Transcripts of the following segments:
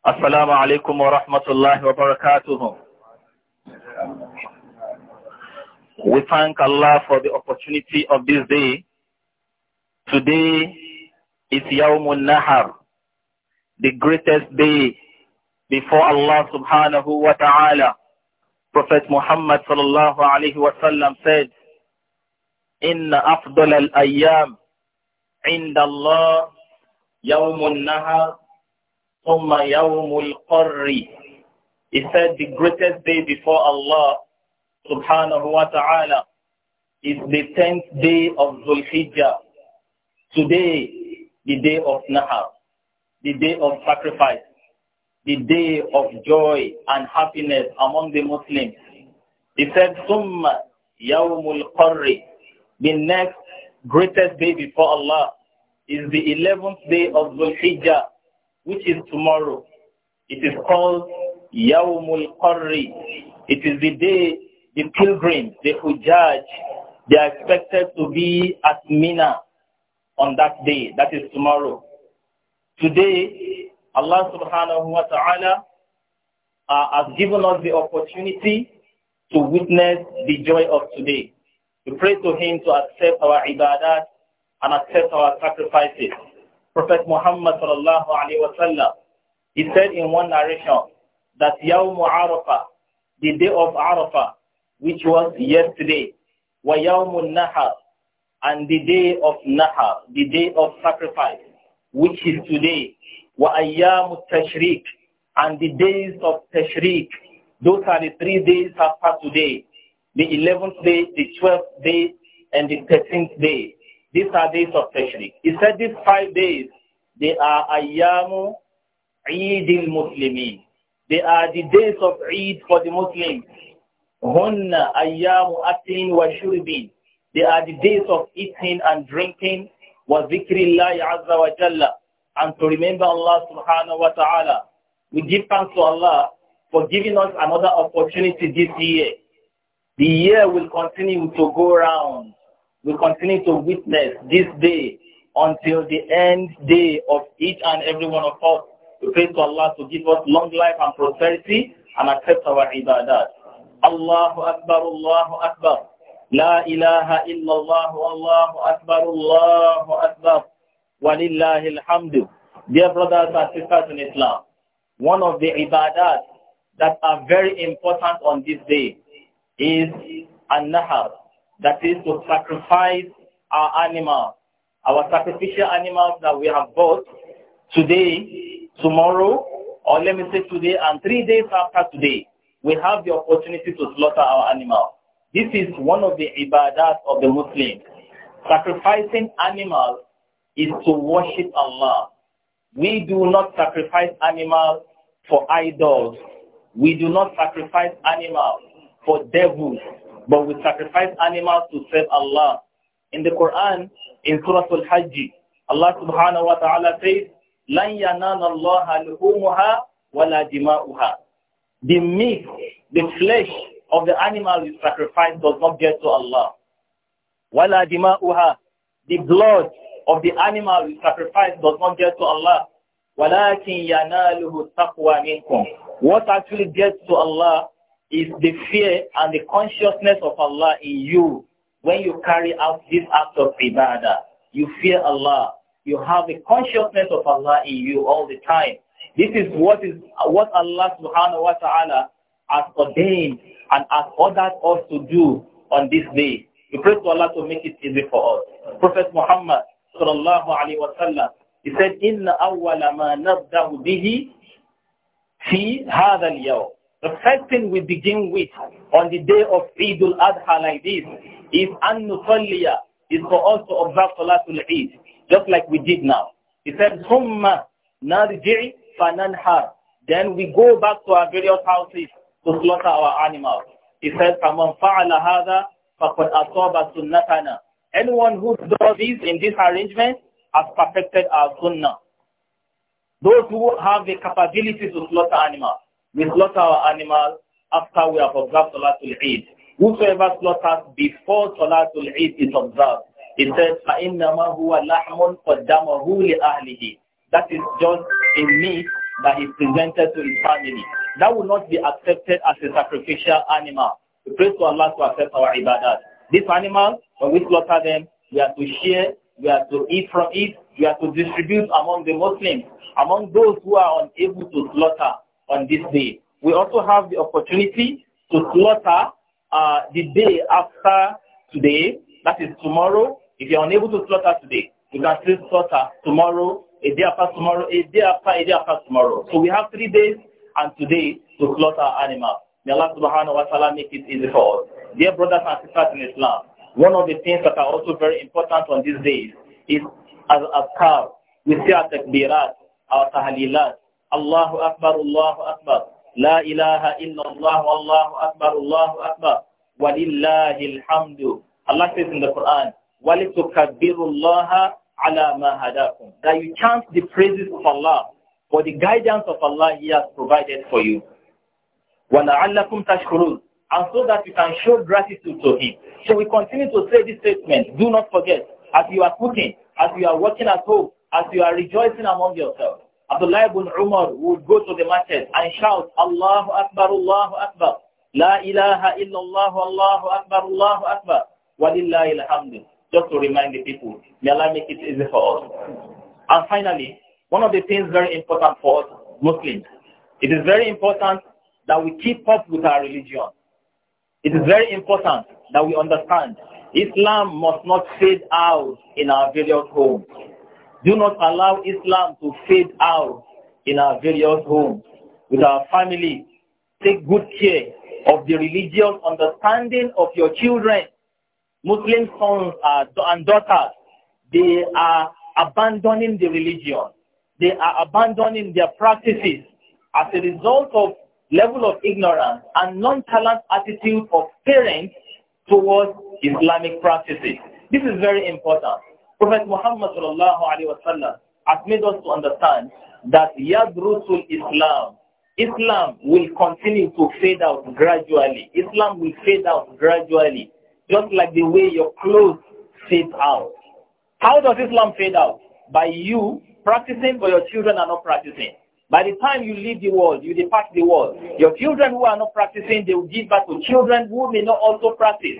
Assalamu alaykum wa rahmatullahi wa barakatuh. We thank Allah for the opportunity of this day. Today is Yawmun Nahar, the greatest day before Allah subhanahu wa ta'ala. Prophet Muhammad sallallahu alayhi wa sallam said, إن أفضل الأيام عند الله يوم النهر ثم يوم القر He said the greatest day before Allah subhanahu wa ta'ala is the tenth day of Zulhijjah. Today, the day of Nahar, the day of sacrifice, the day of joy and happiness among the Muslims. He said, ثُمَّ يَوْمُ الْقَرِّ The next greatest day before Allah is the 11th day of Zulhijjah, which is tomorrow. It is called Yawmul Qarri. It is the day the pilgrims, the Hujjaj, they are expected to be at Mina on that day. That is tomorrow. Today, Allah subhanahu wa ta'ala uh, has given us the opportunity to witness the joy of today. We pray to Him to accept our ibadah and accept our sacrifices. Prophet Muhammad sallallahu alaihi wasallam, he said in one narration that Yawm Arafah, the day of Arafah, which was yesterday, wa Yawm Nahar, and the day of Nahar, the day of sacrifice, which is today, wa Ayyam Tashriq, and the days of Tashriq. Those are the three days after today, the 11th day, the 12th day, and the 13th day. These are days of fasting. He said these five days, they are Ayyamu Eid al-Muslimin. They are the days of Eid for the Muslims. Hunna Ayyamu atin wa Shurbin. They are the days of eating and drinking wa zikrillahi azza wa jalla. And to remember Allah subhanahu wa ta'ala. We give thanks to Allah for giving us another opportunity this year. The year will continue to go round we continue to witness this day until the end day of each and every one of us. We pray to Allah to give us long life and prosperity and accept our ibadat. Allahu Akbar, Allahu Akbar. La ilaha illallah, Allahu Akbar, Allahu Akbar. Walillahi alhamdu. Dear brothers and sisters in Islam, one of the ibadat that are very important on this day is an-nahar, that is to sacrifice our animals, our sacrificial animals that we have bought today, tomorrow, or let me say today and three days after today, we have the opportunity to slaughter our animals. This is one of the ibadahs of the Muslims. Sacrificing animals is to worship Allah. We do not sacrifice animals for idols. We do not sacrifice animals for devils. But we sacrifice animals to serve Allah. In the Quran, in Surah Al-Hajj, Allah subhanahu wa ta'ala says, لَنْ يَنَانَ اللَّهَ لُحُومُهَا وَلَا دِمَاؤُهَا The meat, the flesh of the animal you sacrifice does not get to Allah. وَلَا دِمَاؤُهَا The blood of the animal you sacrifice does not get to Allah. وَلَكِنْ يَنَالُهُ التَّقْوَى مِنْكُمْ What actually gets to Allah is the fear and the consciousness of Allah in you when you carry out this act of ibadah. You fear Allah. You have the consciousness of Allah in you all the time. This is what is what Allah subhanahu wa ta'ala has ordained and has ordered us to do on this day. We pray to Allah to make it easy for us. Prophet Muhammad sallallahu alayhi wa sallam, he said, إِنَّ أَوَّلَ مَا نَبْدَهُ بِهِ فِي هَذَا الْيَوْمِ the first thing we begin with on the day of Eid al-Adha like this is an is for us to observe Salatul Eid, just like we did now. He said, Humma narji'i fananhar. Then we go back to our various houses to slaughter our animals. He said, فَمَنْ فَعَلَ هَذَا فَقَدْ أَصَابَ سُنَّتَنَا Anyone who does this in this arrangement has perfected our sunnah. Those who have the capability to slaughter animals. We slaughter our animal after we have observed Salatul Eid. Whosoever slaughters before Salatul Eid is observed, it says, That is just a meat that is presented to his family. That will not be accepted as a sacrificial animal. We pray to Allah to accept our ibadat. This animal, when we slaughter them, we are to share, we are to eat from it, we are to distribute among the Muslims, among those who are unable to slaughter on this day. We also have the opportunity to slaughter uh, the day after today, that is tomorrow. If you're unable to slaughter today, you can still slaughter tomorrow, a day after tomorrow, a day after, a day after tomorrow. So we have three days and today to slaughter animals. May Allah subhanahu wa ta'ala make it easy for us. Dear brothers and sisters in Islam, one of the things that are also very important on these days is as a car, we al our takbirat, our tahalilat, الله Allahu akbar, Allahu akbar, la ilaha illallah, Allahu akbar, Allahu akbar, walillahil hamdu. Allah says in the Quran, الله على ما هداكم That you chant the praises of Allah for the guidance of Allah He has provided for you. وَلَعَلَّكُمْ تَشْكُرُونَ And so that you can show gratitude to Him. So we continue to say this statement. Do not forget, as you are cooking, as you are working at home, as you are rejoicing among yourselves, Abdullah ibn Umar would go to the market and shout, Allahu Akbar, Allahu Akbar, La ilaha illallah, Allahu Akbar, Allahu Akbar, walillahi alhamdu. Just to remind the people, may Allah make it easy for us. And finally, one of the things very important for us Muslims, it is very important that we keep up with our religion. It is very important that we understand Islam must not fade out in our various homes. Do not allow Islam to fade out in our various homes, with our families. Take good care of the religious understanding of your children. Muslim sons and daughters, they are abandoning the religion. They are abandoning their practices as a result of level of ignorance and nonchalant attitude of parents towards Islamic practices. This is very important. Prophet Muhammad sallallahu alaihi wasallam has made us to understand that Yadrusul Islam, Islam will continue to fade out gradually. Islam will fade out gradually, just like the way your clothes fade out. How does Islam fade out? By you practicing, but your children are not practicing. By the time you leave the world, you depart the world. Your children who are not practicing, they will give back to children who may not also practice.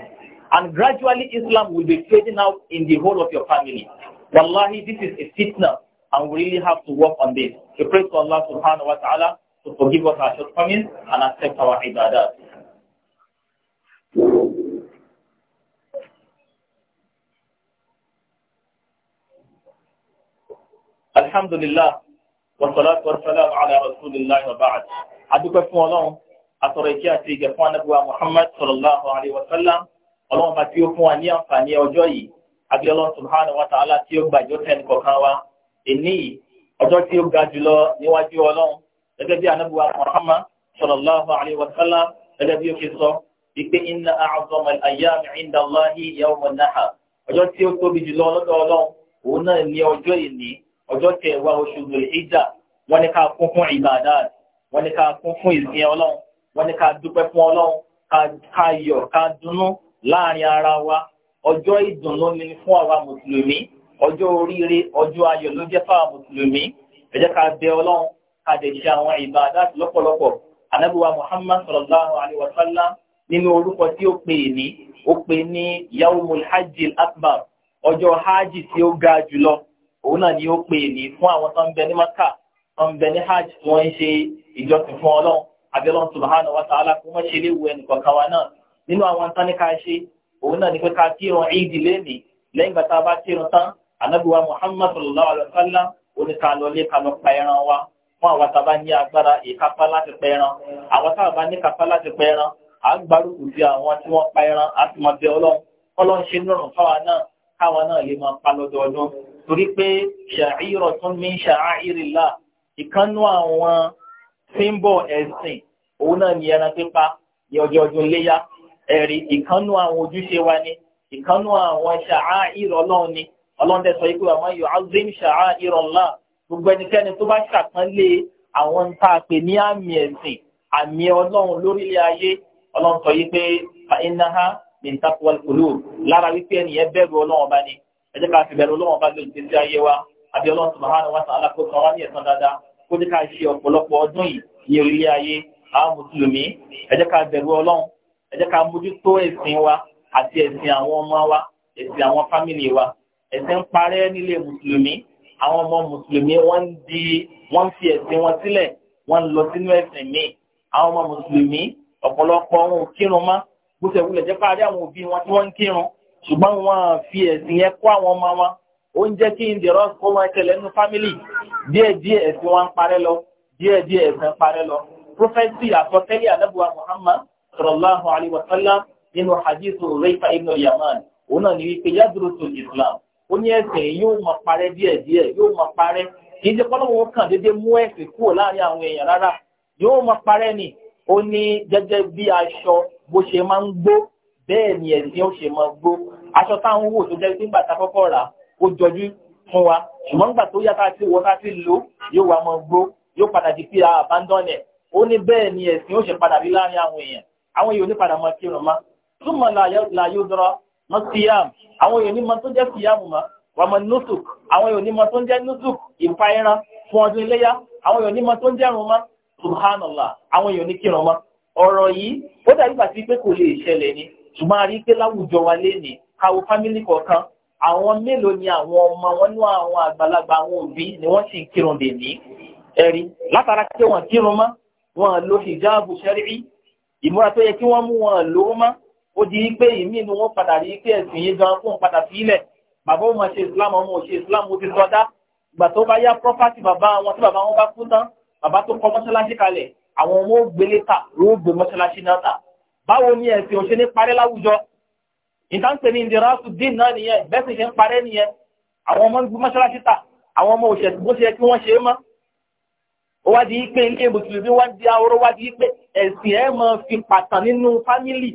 And gradually Islam will be fading out in the whole of your family. Wallahi, this is a fitna and we really have to work on this. We pray to Allah subhanahu wa ta'ala to forgive us our shortcomings and accept our ibadah. Alhamdulillah, wa salatu wa salam ala rasulillah wa ba'd. Adúpẹ́ fún Ọlọ́run, àtọ̀rọ̀ ìkí Muhammad sallallahu alayhi wa sallam. ọlọ́run bá tí ó fún wa ní àǹfààní ọjọ́ yìí àbí ọlọ́run subhanahu wa ta'ala tí ó gbàjọ́ tẹ́ni kọ̀ọ̀kan wa èní yìí ọjọ́ tí ó ga jùlọ níwájú ọlọ́run gẹ́gẹ́ bí anábùwà Muhammad sallallahu alayhi wa sallam gẹ́gẹ́ bí ó ṣe sọ wípé inna a'zama al-ayyami 'inda Allahi yawm an-nahar ọjọ́ tí ó tóbi jùlọ lọ́dọ̀ ọlọ́run òun náà ní ọjọ́ ìní ọjọ́ kẹwàá oṣù Dhul-Hijjah wọ́n ní ká kún fún ibadat wọ́n ní ká kún fún ìsìn ọlọ́run wọ́n ní ká dúpẹ́ fún ọlọ́run ká yọ̀ ká dunnú láàrin ara wa ọjọ́ ìdùnnú ni fún àwa mùsùlùmí ọjọ́ oríire ọjọ́ ayọ̀ ló jẹ́ fáwọn mùsùlùmí ẹ jẹ́ ká bẹ ọlọ́run ká dẹ̀ ṣe àwọn ìbádà lọ́pọ̀lọpọ̀ ànábì wa muhammad sallallahu alayhi wa sallam nínú orúkọ tí ó pè ní ó pè ní yawmul hajjil akbar ọjọ́ hajj tí ó ga jùlọ òun náà ni ó pè ní fún àwọn tó ń bẹ ní maka tó ń bẹ ní hajj tí wọ́n ń ṣe ìjọsìn fún ọlọ́run abẹ́lọ́n subhanahu wa ta'ala kó mọ́ ṣe léwu ẹnì kọ̀ọ̀kan wa náà nínú àwọn tán ní ká ṣe òun náà ní pé ká kírun ìdí lẹ́nìí lẹ́yìn gbàtà bá kírun tán anábìwá muhammadu sallallahu alayhi wa sallam oníkàlọ́lé kanú pa ẹran wa fún àwọn tàbá ní agbára ìkápá láti pa ẹran àwọn tàbá ní kápá láti pa ẹran à ń gbárùkù bí àwọn tí wọ́n pa á sì máa bẹ ọlọ́run ọlọ́run ṣe nírọ̀rùn fáwa náà náà ẹ̀rí ìkánú àwọn ojúṣe wa ni ìkánú àwọn sha'a'ir Ọlọ́run ni Ọlọ́run dẹ̀ sọ yìí pé wa man yu'azzim sha'a'ir Allah gbogbo ẹnikẹ́ni tó bá ṣàpọ́nlé àwọn tá a pè ní àmì ẹ̀sìn àmì Ọlọ́run lórílẹ̀ ayé Ọlọ́run sọ yìí pé fa innaha min taqwal qulub lára wípé ẹnìyẹn bẹ̀rù Ọlọ́run ọba ni ẹ jẹ́ ká fi bẹ̀rù Ọlọ́run ọba lójú títí ayé wa àbí Ọlọ́run subhanahu wa ta'ala kó kan wá ní ẹ̀san dáadáa kó ní ká ṣe ọ̀pọ̀lọpọ̀ ọdún yìí ní orílẹ̀ ayé àwọn mùsùlùmí ẹ jẹ́ ká bẹ̀rù Ọlọ́run ẹ jẹ́ ká mójútó ẹ̀sìn wa àti ẹ̀sìn àwọn ọmọ wa ẹ̀sìn àwọn fámìlì wa ẹ̀sìn ń parẹ́ nílé mùsùlùmí àwọn ọmọ mùsùlùmí wọ́n ń di wọ́n fi ẹ̀sìn wọn sílẹ̀ wọ́n ń lọ sínú ẹ̀sìn míì àwọn ọmọ mùsùlùmí ọ̀pọ̀lọpọ̀ wọn ò kírun mọ́ gbọ́sẹ̀ wulẹ̀ jẹ́ parí àwọn òbí wọn tí wọ́n ń kírun ṣùgbọ́n wọn fi ẹ̀sìn yẹn kọ́ àwọn ọmọ wọn ó ń jẹ́ kí n dẹ̀rọ kó wọn ẹkẹlẹ̀ nínú fámìlì díẹ̀díẹ̀ ẹ̀sìn wọn ń parẹ́ lọ díẹ̀díẹ̀ ẹ̀sìn parẹ́ lọ prọfẹ́sì àsọtẹ́lẹ̀ ànábùwà Muhammad sallallahu alaihi wa sallam nínú hadith rẹ́fà ibnu yaman òun náà ní wípé yadúró tó islam ó ní ẹ̀sìn yóò máa parẹ́ díẹ̀díẹ̀ yóò máa parẹ́ kì í ṣe pọ́nlọ́wọ́ wọn kàn déédéé mú ẹ̀sìn kúrò láàrin àwọn èèyàn rárá yóò máa parẹ́ ni ó ní gẹ́gẹ́ bí aṣọ bó ṣe máa ń gbó bẹ́ẹ̀ ni ẹ̀sìn ó ṣe máa gbó aṣọ táwọn wò tó jẹ́ pé nígbà tá kọ́kọ́ rà ó jọjú fún wa ṣùgbọ́n nígbà tó yá káàkiri wọ káàkiri lò yóò wá máa gbó yóò padà di pé abandon ó ní bẹ́ẹ̀ ni ẹ̀sìn ó ṣe padà rí láàrin àwọn èèyàn àwọn yóò ní padà mọ kí wọn ma túmọ̀ láyé dọ́rọ̀ mọ síyàm àwọn yóò ní mọ tó jẹ́ síyàmù ma wà mọ nùsùk àwọn yóò ní mọ tó jẹ́ nùsùk ìpayẹran fún ọdún iléyà àwọn yóò ní mọ tó jẹ́ rùn ma subhanallah àwọn yóò ní kí wọn ma ọ̀rọ̀ yìí ó dàbí bàtí pé kò lè ṣẹlẹ̀ ni ṣùgbọ́n a rí pé láwùjọ wa lé ní káwo fámílì kọ̀ọ̀kan àwọn mélòó ni àwọn ọmọ wọn ní àwọn àgbàlagbà àwọn òbí ni wọ́n sì kírun dè ní ẹ̀rí látara pé wọ́n kírun mọ́ wọn lo hijabu ṣẹ́rí ìmúra tó yẹ kí wọ́n mú wọn lówó mọ́ ó di pé ìmí inú wọn padà rí pé ẹ̀sìn yìí gan fún padà sílẹ̀ bàbá ó mọ̀ ṣe islam ọmọ ò ṣe islam ó ti sọdá ìgbà tó bá yá property bàbá wọn tí bàbá wọn bá kú tán bàbá tó kọ́ mọ́ṣáláṣí kalẹ̀ àwọn ọmọ ó gbélé ta wọ́n ó gbé mọ́ṣáláṣí náà ta báwo ni ẹ̀sìn ò ṣe ní parẹ́ láwùjọ ìtànpé ní ìdíraṣù dín náà nìyẹn bẹ́sìn ṣe ń parẹ́ nìyẹn àwọn ọmọ ń gbé mọ́ṣáláṣí ta àwọn ọmọ òṣèlú bó ṣe yẹ kí wọ́n ṣe é mọ́ ó wá di pé ilé mùsùlùmí wá di ahoro wá di pé ẹ̀sìn ẹ̀ máa fi pàtàn nínú fámìlì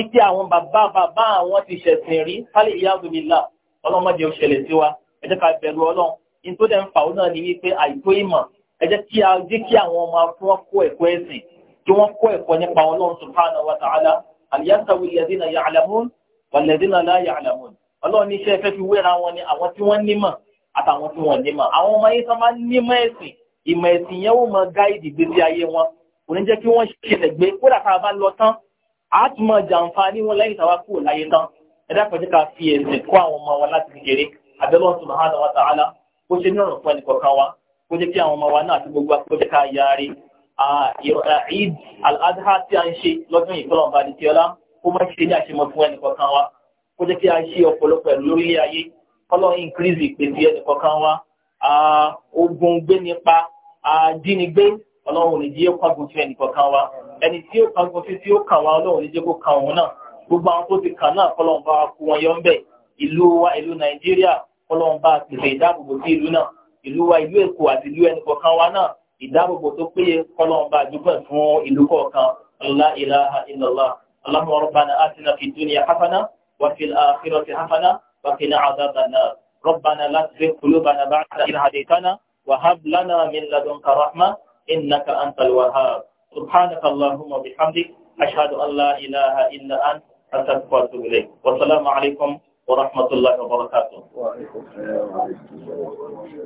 ike àwọn bàbá bàbá àwọn ti ṣẹ̀sìn rí fálẹ̀ ìyá àgbèmílà ọlọ́mọdé ò ṣẹlẹ̀ sí wa ẹ jẹ́ ká bẹ̀rù ọlọ́run in tó dẹ̀ ń fà ó náà ni wípé àìtó ìmọ̀ ẹ jẹ́ kí a jẹ́ kí àwọn ọmọ fún wọn kó ẹ̀kọ́ ẹ̀sìn kí wọ́n kó ẹ̀kọ́ nípa ọlọ́run subhanahu ìmọ̀ ẹ̀sìn yẹn ó mọ gáìdì gbèsè ayé wọn kò ní jẹ́ kí wọ́n ṣẹlẹ̀ gbé kódà tá a bá lọ tán a tún mọ jàǹfààní wọn lẹ́yìn táwa kúrò láyé tán ẹ dákun jẹ́ ká fi ẹ̀sìn kọ́ àwọn ọmọ wa láti kékeré abẹ́lọ́ subhanahu wa ta'ala kó ṣe ní ọ̀rùn fún ẹnìkọ̀ọ̀kan wa kó jẹ́ kí àwọn ọmọ wa náà ti gbogbo akójẹ́ ká yarí Eid al-Adha tí a ń ṣe lọ́dún ìfọlọ́n bá dìtì ọlá kó má ṣe ní àṣemọ fún ẹnìkọ̀ọ̀kan wa kó jẹ́ kí a ṣe ọ̀pọ̀lọpọ̀ lórí ayé kọ́lọ́ increase ìpèsè ẹnìkọ̀ọ̀kan wa ogun gbé nípa àjínigbé ọlọ́run ní jíyẹ́ pàgùn sí ẹnìkan kan wa ẹni tí ó pàgùn sí tí ó kàn wá ọlọ́run ní jẹ́ kó kàn òun náà gbogbo àwọn tó ti kàn náà kọ́lọ́run bá kú wọn yọ ń bẹ̀ ìlú wa ìlú nàìjíríà kọ́lọ́run bá pèsè ìdáàbòbò sí ìlú náà ìlú wa ìlú èkó àti ìlú ẹnìkan kan wa náà ìdáàbòbò tó péye kọ́lọ́run bá dúpẹ́ fún ìlú kọ̀ọ̀kan la ilaha وهب لنا من لدنك رحمة إنك أنت الوهاب سبحانك اللهم وبحمدك أشهد أن لا إله إلا أنت أستغفرك إليك والسلام عليكم ورحمة الله وبركاته. وعليكم السلام ورحمة الله وبركاته.